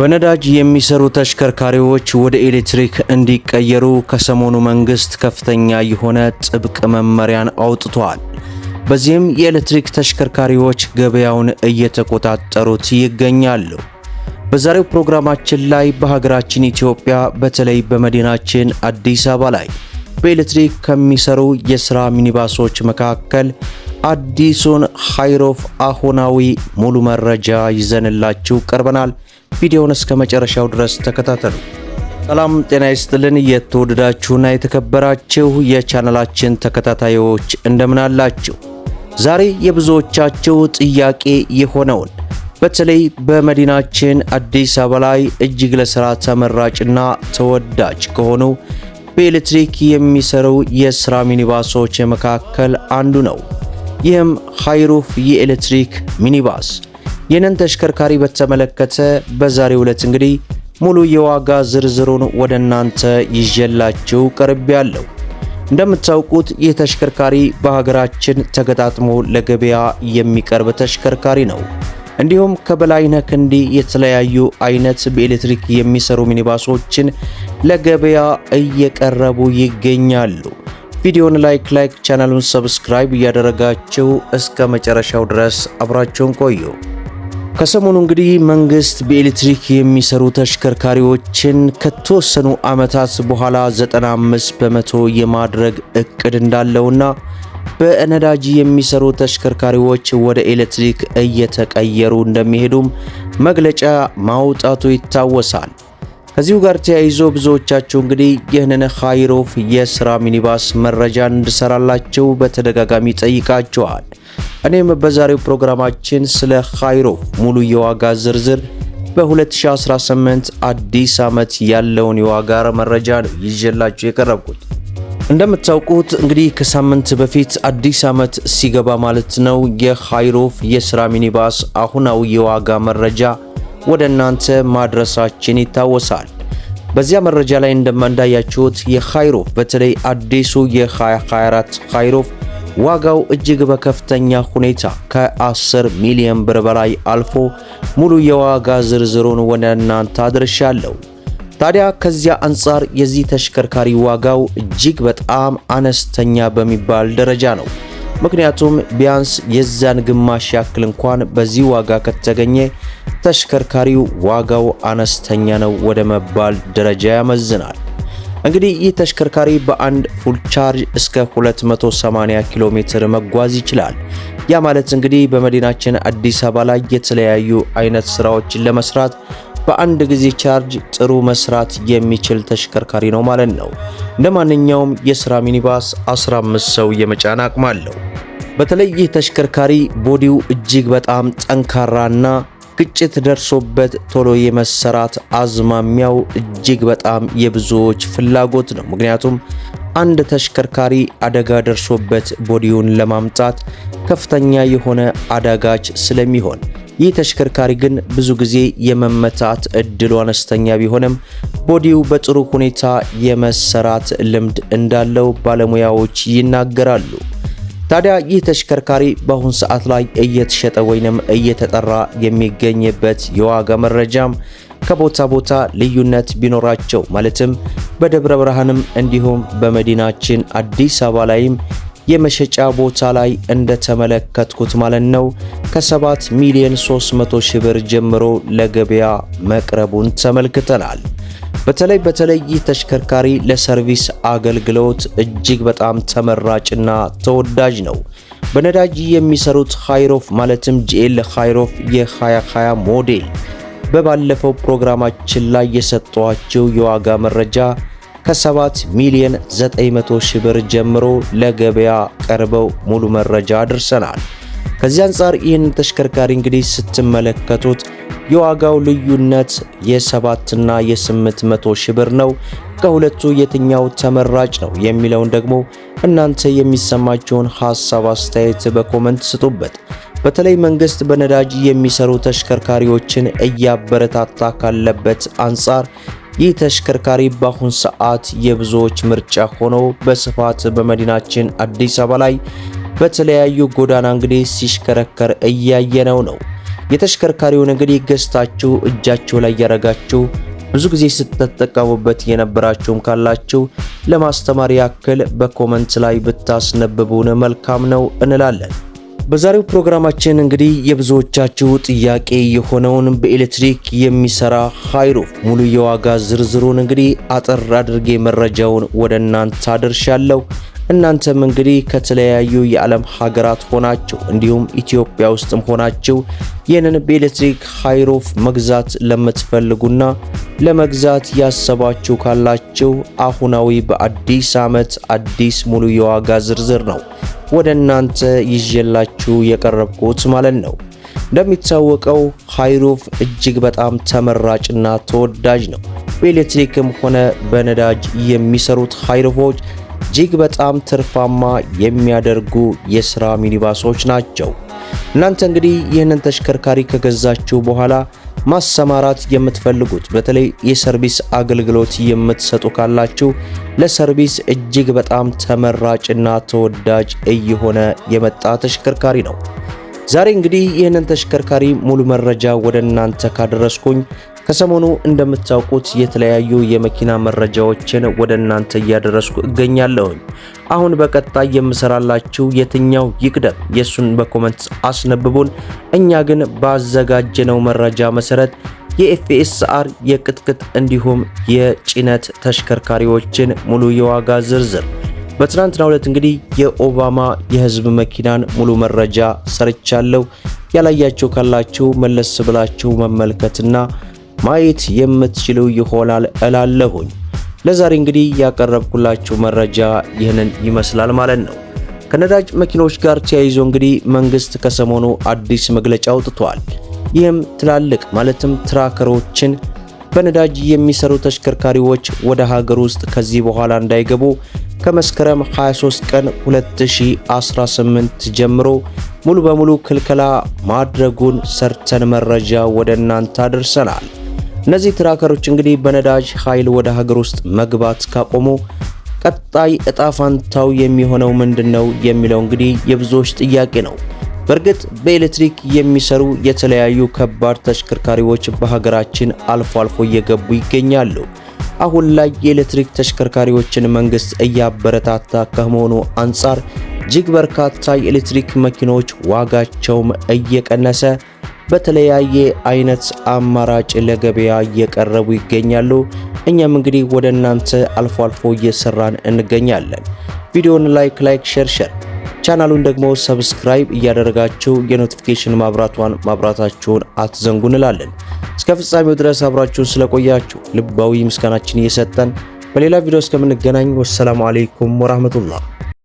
በነዳጅ የሚሰሩ ተሽከርካሪዎች ወደ ኤሌክትሪክ እንዲቀየሩ ከሰሞኑ መንግስት ከፍተኛ የሆነ ጥብቅ መመሪያን አውጥቷል። በዚህም የኤሌክትሪክ ተሽከርካሪዎች ገበያውን እየተቆጣጠሩት ይገኛሉ። በዛሬው ፕሮግራማችን ላይ በሀገራችን ኢትዮጵያ በተለይ በመዲናችን አዲስ አበባ ላይ በኤሌክትሪክ ከሚሰሩ የሥራ ሚኒባሶች መካከል አዲሱን ሃይሮፍ አሁናዊ ሙሉ መረጃ ይዘንላችሁ ቀርበናል። ቪዲዮውን እስከ መጨረሻው ድረስ ተከታተሉ። ሰላም ጤና ይስጥልን። የተወደዳችሁና የተከበራችሁ የቻናላችን ተከታታዮች እንደምን አላችሁ? ዛሬ የብዙዎቻችሁ ጥያቄ የሆነውን በተለይ በመዲናችን አዲስ አበባ ላይ እጅግ ለስራ ተመራጭና ተወዳጅ ከሆኑ በኤሌክትሪክ የሚሰሩ የስራ ሚኒባሶች መካከል አንዱ ነው። ይህም ሃይሩፍ የኤሌክትሪክ ሚኒባስ ይህንን ተሽከርካሪ በተመለከተ በዛሬው ዕለት እንግዲህ ሙሉ የዋጋ ዝርዝሩን ወደ እናንተ ይዤላችሁ ያለው። እንደምታውቁት ይህ ተሽከርካሪ በሀገራችን ተገጣጥሞ ለገበያ የሚቀርብ ተሽከርካሪ ነው። እንዲሁም ከበላይነህ ክንዴ የተለያዩ አይነት በኤሌክትሪክ የሚሰሩ ሚኒባሶችን ለገበያ እየቀረቡ ይገኛሉ። ቪዲዮን ላይክ ላይክ ቻናሉን ሰብስክራይብ እያደረጋችሁ እስከ መጨረሻው ድረስ አብራችሁን ቆዩ። ከሰሞኑ እንግዲህ መንግስት በኤሌክትሪክ የሚሰሩ ተሽከርካሪዎችን ከተወሰኑ ዓመታት በኋላ 95 በመቶ የማድረግ እቅድ እንዳለውና በነዳጅ የሚሰሩ ተሽከርካሪዎች ወደ ኤሌክትሪክ እየተቀየሩ እንደሚሄዱም መግለጫ ማውጣቱ ይታወሳል። ከዚሁ ጋር ተያይዞ ብዙዎቻችሁ እንግዲህ ይህንን ካይሮፍ የስራ ሚኒባስ መረጃ እንድሰራላችሁ በተደጋጋሚ ጠይቃችኋል። እኔም በዛሬው ፕሮግራማችን ስለ ካይሮፍ ሙሉ የዋጋ ዝርዝር በ2018 አዲስ ዓመት ያለውን የዋጋ መረጃ ነው ይዤላችሁ የቀረብኩት። እንደምታውቁት እንግዲህ ከሳምንት በፊት አዲስ ዓመት ሲገባ ማለት ነው የካይሮፍ የስራ ሚኒባስ አሁናዊ የዋጋ መረጃ ወደ እናንተ ማድረሳችን ይታወሳል። በዚያ መረጃ ላይ እንደማንዳያችሁት የካይሮፍ በተለይ አዲሱ የ2024 ካይሮፍ ዋጋው እጅግ በከፍተኛ ሁኔታ ከ10 ሚሊዮን ብር በላይ አልፎ ሙሉ የዋጋ ዝርዝሩን ወደ እናንተ አድርሻለሁ። ታዲያ ከዚያ አንጻር የዚህ ተሽከርካሪ ዋጋው እጅግ በጣም አነስተኛ በሚባል ደረጃ ነው። ምክንያቱም ቢያንስ የዛን ግማሽ ያክል እንኳን በዚህ ዋጋ ከተገኘ ተሽከርካሪው ዋጋው አነስተኛ ነው ወደ መባል ደረጃ ያመዝናል። እንግዲህ ይህ ተሽከርካሪ በአንድ ፉል ቻርጅ እስከ 280 ኪሎ ሜትር መጓዝ ይችላል። ያ ማለት እንግዲህ በመዲናችን አዲስ አበባ ላይ የተለያዩ አይነት ስራዎችን ለመስራት በአንድ ጊዜ ቻርጅ ጥሩ መስራት የሚችል ተሽከርካሪ ነው ማለት ነው። እንደ ማንኛውም የስራ ሚኒባስ 15 ሰው የመጫን አቅም አለው። በተለይ ይህ ተሽከርካሪ ቦዲው እጅግ በጣም ጠንካራና ግጭት ደርሶበት ቶሎ የመሰራት አዝማሚያው እጅግ በጣም የብዙዎች ፍላጎት ነው። ምክንያቱም አንድ ተሽከርካሪ አደጋ ደርሶበት ቦዲውን ለማምጣት ከፍተኛ የሆነ አዳጋች ስለሚሆን ይህ ተሽከርካሪ ግን ብዙ ጊዜ የመመታት እድሉ አነስተኛ ቢሆንም ቦዲው በጥሩ ሁኔታ የመሰራት ልምድ እንዳለው ባለሙያዎች ይናገራሉ። ታዲያ ይህ ተሽከርካሪ በአሁን ሰዓት ላይ እየተሸጠ ወይንም እየተጠራ የሚገኝበት የዋጋ መረጃም ከቦታ ቦታ ልዩነት ቢኖራቸው ማለትም በደብረ ብርሃንም እንዲሁም በመዲናችን አዲስ አበባ ላይም የመሸጫ ቦታ ላይ እንደተመለከትኩት ማለት ነው ከ7 ሚሊዮን 300 ሺህ ብር ጀምሮ ለገበያ መቅረቡን ተመልክተናል። በተለይ በተለይ ይህ ተሽከርካሪ ለሰርቪስ አገልግሎት እጅግ በጣም ተመራጭና ተወዳጅ ነው። በነዳጅ የሚሰሩት ሃይሮፍ ማለትም ጂኤል ሃይሮፍ የ2020 ሞዴል በባለፈው ፕሮግራማችን ላይ የሰጠኋቸው የዋጋ መረጃ ከ7 ሚሊዮን 900 ሺህ ብር ጀምሮ ለገበያ ቀርበው ሙሉ መረጃ አድርሰናል። ከዚህ አንጻር ይህንን ተሽከርካሪ እንግዲህ ስትመለከቱት የዋጋው ልዩነት የ7ና የ800 ሺህ ብር ነው። ከሁለቱ የትኛው ተመራጭ ነው የሚለውን ደግሞ እናንተ የሚሰማችሁን ሀሳብ አስተያየት በኮመንት ስጡበት። በተለይ መንግስት በነዳጅ የሚሰሩ ተሽከርካሪዎችን እያበረታታ ካለበት አንጻር ይህ ተሽከርካሪ በአሁን ሰዓት የብዙዎች ምርጫ ሆኖ በስፋት በመዲናችን አዲስ አበባ ላይ በተለያዩ ጎዳና እንግዲህ ሲሽከረከር እያየነው ነው። የተሽከርካሪውን እንግዲህ ገዝታችሁ እጃችሁ ላይ ያረጋችሁ ብዙ ጊዜ ስትጠቀሙበት የነበራችሁም ካላችሁ ለማስተማር ያክል በኮመንት ላይ ብታስነብቡን መልካም ነው እንላለን። በዛሬው ፕሮግራማችን እንግዲህ የብዙዎቻችሁ ጥያቄ የሆነውን በኤሌክትሪክ የሚሰራ ሃይሩፍ ሙሉ የዋጋ ዝርዝሩን እንግዲህ አጠር አድርጌ መረጃውን ወደ እናንተ አድርሻለሁ። እናንተም እንግዲህ ከተለያዩ የዓለም ሀገራት ሆናችሁ እንዲሁም ኢትዮጵያ ውስጥም ሆናችሁ ይህንን በኤሌክትሪክ ሃይሮፍ መግዛት ለምትፈልጉና ለመግዛት ያሰባችሁ ካላችሁ አሁናዊ በአዲስ ዓመት አዲስ ሙሉ የዋጋ ዝርዝር ነው ወደ እናንተ ይዤላችሁ የቀረብኩት ማለት ነው። እንደሚታወቀው ሃይሮፍ እጅግ በጣም ተመራጭና ተወዳጅ ነው። በኤሌክትሪክም ሆነ በነዳጅ የሚሰሩት ሃይሮፎች እጅግ በጣም ትርፋማ የሚያደርጉ የስራ ሚኒባሶች ናቸው። እናንተ እንግዲህ ይህንን ተሽከርካሪ ከገዛችሁ በኋላ ማሰማራት የምትፈልጉት በተለይ የሰርቪስ አገልግሎት የምትሰጡ ካላችሁ ለሰርቪስ እጅግ በጣም ተመራጭና ተወዳጅ እየሆነ የመጣ ተሽከርካሪ ነው። ዛሬ እንግዲህ ይህንን ተሽከርካሪ ሙሉ መረጃ ወደ እናንተ ካደረስኩኝ ከሰሞኑ እንደምታውቁት የተለያዩ የመኪና መረጃዎችን ወደ እናንተ እያደረስኩ እገኛለሁኝ። አሁን በቀጣይ የምሰራላችሁ የትኛው ይቅደም የእሱን በኮመንት አስነብቡን። እኛ ግን ባዘጋጀነው መረጃ መሰረት የኤፍኤስአር የቅጥቅጥ እንዲሁም የጭነት ተሽከርካሪዎችን ሙሉ የዋጋ ዝርዝር በትናንትናው ዕለት እንግዲህ የኦባማ የህዝብ መኪናን ሙሉ መረጃ ሰርቻለሁ። ያላያችሁ ካላችሁ መለስ ብላችሁ መመልከትና ማየት የምትችለው ይሆናል እላለሁኝ። ለዛሬ እንግዲህ ያቀረብኩላችሁ መረጃ ይህንን ይመስላል ማለት ነው። ከነዳጅ መኪኖች ጋር ተያይዞ እንግዲህ መንግስት ከሰሞኑ አዲስ መግለጫ አውጥቷል። ይህም ትላልቅ ማለትም ትራከሮችን በነዳጅ የሚሰሩ ተሽከርካሪዎች ወደ ሀገር ውስጥ ከዚህ በኋላ እንዳይገቡ ከመስከረም 23 ቀን 2018 ጀምሮ ሙሉ በሙሉ ክልከላ ማድረጉን ሰርተን መረጃ ወደ እናንተ አድርሰናል። እነዚህ ትራከሮች እንግዲህ በነዳጅ ኃይል ወደ ሀገር ውስጥ መግባት ካቆሙ ቀጣይ እጣ ፋንታው የሚሆነው ምንድን ነው የሚለው እንግዲህ የብዙዎች ጥያቄ ነው። በእርግጥ በኤሌክትሪክ የሚሰሩ የተለያዩ ከባድ ተሽከርካሪዎች በሀገራችን አልፎ አልፎ እየገቡ ይገኛሉ። አሁን ላይ የኤሌክትሪክ ተሽከርካሪዎችን መንግስት እያበረታታ ከመሆኑ አንጻር እጅግ በርካታ የኤሌክትሪክ መኪኖች ዋጋቸውም እየቀነሰ በተለያየ አይነት አማራጭ ለገበያ እየቀረቡ ይገኛሉ። እኛም እንግዲህ ወደ እናንተ አልፎ አልፎ እየሰራን እንገኛለን። ቪዲዮውን ላይክ ላይክ ሼር ሼር ቻናሉን ደግሞ ሰብስክራይብ እያደረጋችሁ የኖቲፊኬሽን ማብራቷን ማብራታችሁን አትዘንጉ እንላለን። እስከ ፍጻሜው ድረስ አብራችሁን ስለቆያችሁ ልባዊ ምስጋናችን እየሰጠን በሌላ ቪዲዮ እስከምንገናኝ ወሰላሙ አሌይኩም ወራህመቱላህ